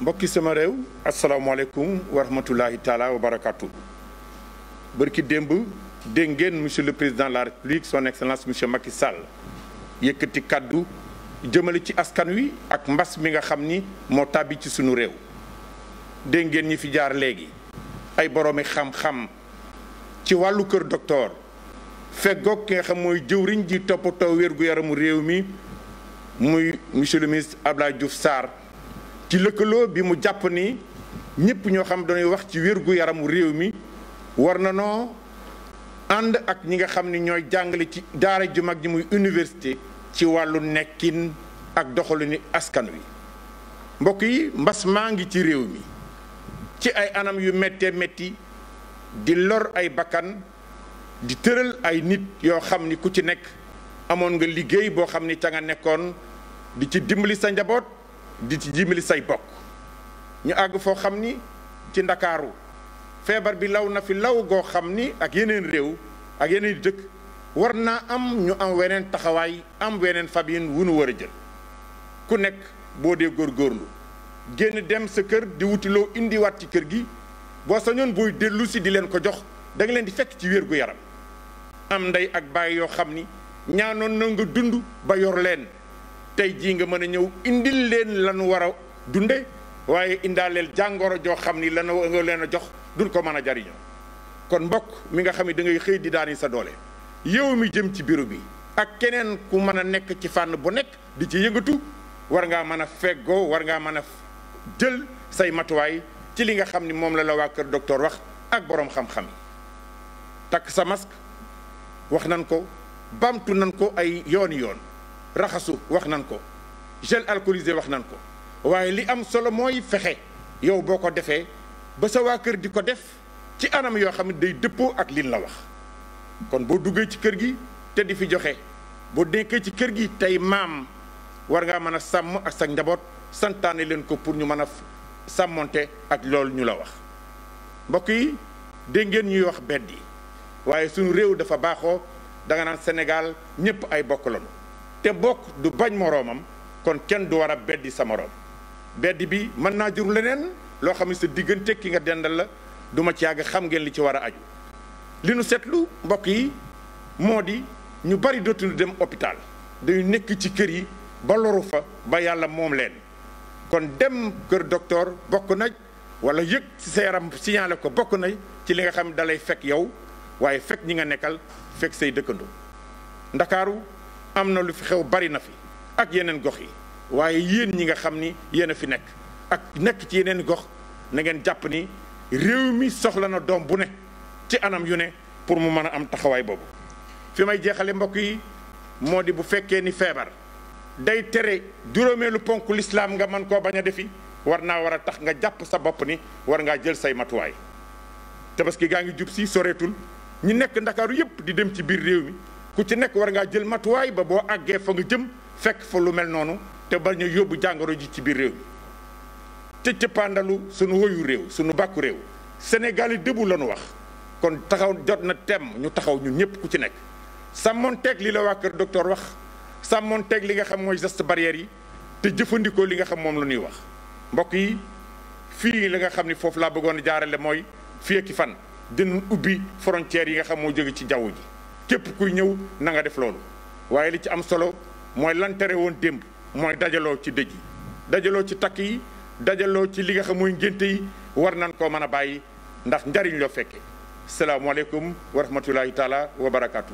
mbokki sama réew asalaamaaleykum wa rahmatulahi taala wa barakatu bërki démb dégg ngeen monsieur le président la république son excellence monsieur Macky Sall yëkkati kàddu jëmale ci askan wi ak mbas mi nga xam ni moo tàbbi ci sunu réew dégg ngeen ñi fi jaar léegi ay boroomi xam-xam ci wàllu kër docteur feggoog ki nga xam mooy jëwriñ ji toppatoo wér gu yaramu réew mi muy monsieur le ministre Abdoulaye Diouf saar ci lëkkaloo bi mu jàpp ni ñëpp ñoo xam dañuy wax ci wérgu yaramu réew mi war na noo ànd ak ñi nga xam ni ñooy jàngale ci daara ju mag ji muy université ci wàllu nekkin ak doxalinu askan wi mbokk yi mbas maa ngi ci réew mi ci ay anam yu méttee métti di lor ay bakkan di tëral ay nit yoo xam ni ku ci nekk amoon nga liggéey boo xam ni ca nga nekkoon di ci dimbali sa njaboot di ci jimali say bokk ñu àgg foo xam ni ci ndakaaru feebar bi law na fi law goo xam ni ak yeneen réew ak yeneen jëkk war naa am ñu am weneen taxawaay am weneen fabin wu nu war a jël ku nekk boo dee góorgóorlu génn dem sa kër di wutiloo indiwaat ci kër gi boo sañoon booy dellusi di leen ko jox da leen di fekk ci wér gu yaram am ndey ak baay yoo xam ni ñaanoon na nga dund ba yor leen tey jii nga mën a ñëw indil leen lan war a dunde waaye indaaleel jàngoro joo xam ni lan nga leen a jox duñ ko mën a jariñoo kon mbokk mi nga xam ne dangay xëy di daani sa doole yow mi jëm ci bureau bi ak keneen ku mën a nekk ci fànn bu nekk di ci yëngatu war ngaa mën a feggoo war ngaa mën a jël say matuwaay ci li nga xam ni moom la la waa kër docteur wax ak boroom xam-xam takk sa mask wax nan ko bamtu nan ko ay yooni yoon raxasu wax nan ko gel alcoolisé wax nan ko waaye li am solo mooy fexe yow boo ko defee ba sa waa kër di ko def ci anam yoo xam ne day dëppoo ak liin la wax kon boo duggee ci kër gi te di fi joxe boo dénkee ci kër gi tey maam war ngaa mën a sàmm ak sa njaboot santaane leen ko pour ñu mën a sàmmoonte ak loolu ñu la wax mbokk yi dégg ngeen ñuy wax beddi waaye suñu réew dafa baaxoo danga naan Sénégal ñépp ay bokk lañu te bokk du bañ moroomam kon kenn du war a beddi sa moroom beddi bi mën naa jur leneen loo xam ne sa diggante ki nga dendal la duma ci àgg xam ngeen li ci war a aju li nu seetlu mbokk yi moo di ñu bari dootuñu dem hôpital dañu nekk ci kër yi ba loru fa ba yàlla moom leen kon dem kër docteur bokk na wala yëg ci sa yaram signalé ko bokk na ci li nga xam dalay fekk yow waaye fekk ñi nga nekkal fekk say dëkkandoo ndakaaru am na lu fi xew bari na fi ak yeneen gox yi waaye yéen ñi nga xam ni yéen a fi nekk ak nekk ci yeneen gox na ngeen jàpp ni réew mi soxla na doom bu ne ci anam yu ne pour mu mën a am taxawaay boobu fi may jeexale mbokk yi moo di bu fekkee ni feebar day tere juróomeelu ponk lislaam nga mën koo bañ a defi war naa war a tax nga jàpp sa bopp ni war ngaa jël say matuwaay tabaski gaa ngi jub si soreetul ñi nekk ndakaaru yépp di dem ci biir réew mi ku ci nekk war ngaa jël matuwaay ba boo àggee fa nga jëm fekk fa lu mel noonu te ba yóbbu jàngoro ji ci biir réew mi te cëppaandalu sunu woyu réew sunu bàkku réew Sénégal yi dëbu la wax kon taxaw jot na tem ñu taxaw ñun ñëpp ku ci nekk sàmmoon teg li la waa kër docteur wax sàmmoon teg li nga xam mooy geste barrière yi te jëfandikoo li nga xam moom la ñuy wax mbokk yi fii la nga xam ni foofu laa bëggoon a jaarale mooy fii fan dinañ ubbi frontières yi nga xam moo jóge ci jaww ji képp kuy ñëw nanga def loolu waaye li ci am solo mooy lan tere woon démb mooy dajaloo ci dëj yi dajaloo ci takk yi dajaloo ci li nga xam mooy ngénte yi war nañ koo mën a bàyyi ndax njariñ loo fekkee salaamualeykum wa rahmatullahi taala wa barakaatu.